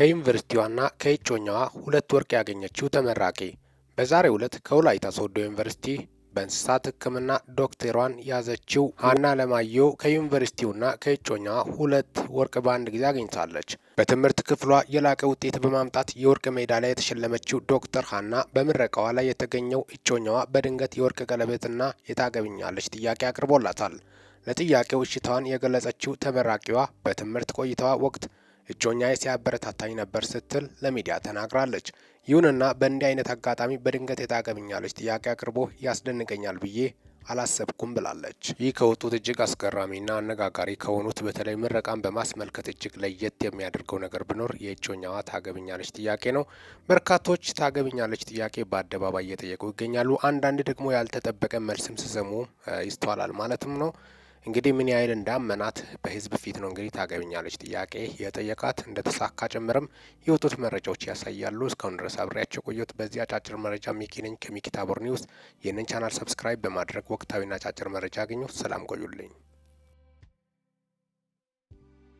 ከዩኒቨርሲቲዋና ከእጮኛዋ ሁለት ወርቅ ያገኘችው ተመራቂ በዛሬው ዕለት ከወላይታ ሶዶ ዩኒቨርሲቲ በእንስሳት ሕክምና ዶክተሯን ያዘችው ሀና ለማየሁ ከዩኒቨርሲቲውና ከእጮኛዋ ሁለት ወርቅ በአንድ ጊዜ አግኝታለች። በትምህርት ክፍሏ የላቀ ውጤት በማምጣት የወርቅ ሜዳሊያ የተሸለመችው ዶክተር ሀና በምረቃዋ ላይ የተገኘው እጮኛዋ በድንገት የወርቅ ቀለበትና የታገብኛለች ጥያቄ አቅርቦላታል። ለጥያቄው እሽታዋን የገለጸችው ተመራቂዋ በትምህርት ቆይታዋ ወቅት እጮኛዬ ሲያበረታታኝ ነበር ስትል ለሚዲያ ተናግራለች። ይሁንና በእንዲህ አይነት አጋጣሚ በድንገት የታገብኛለች ጥያቄ አቅርቦ ያስደንቀኛል ብዬ አላሰብኩም ብላለች። ይህ ከወጡት እጅግ አስገራሚና አነጋጋሪ ከሆኑት በተለይ ምረቃን በማስመልከት እጅግ ለየት የሚያደርገው ነገር ቢኖር የእጮኛዋ ታገብኛለች ጥያቄ ነው። በርካቶች ታገብኛለች ጥያቄ በአደባባይ እየጠየቁ ይገኛሉ። አንዳንድ ደግሞ ያልተጠበቀ መልስም ሲሰሙ ይስተዋላል ማለትም ነው። እንግዲህ ምን ያህል እንዳመናት በህዝብ ፊት ነው እንግዲህ ታገኛለች ጥያቄ የጠየቃት እንደተሳካ ጭምርም የወጡት መረጃዎች ያሳያሉ። እስካሁን ድረስ አብሬያቸው ቆየት በዚህ አጫጭር መረጃ ሚኪ ነኝ ከሚኪታቦር ኒውስ። ይህንን ቻናል ሰብስክራይብ በማድረግ ወቅታዊና አጫጭር መረጃ አግኙ። ሰላም ቆዩልኝ።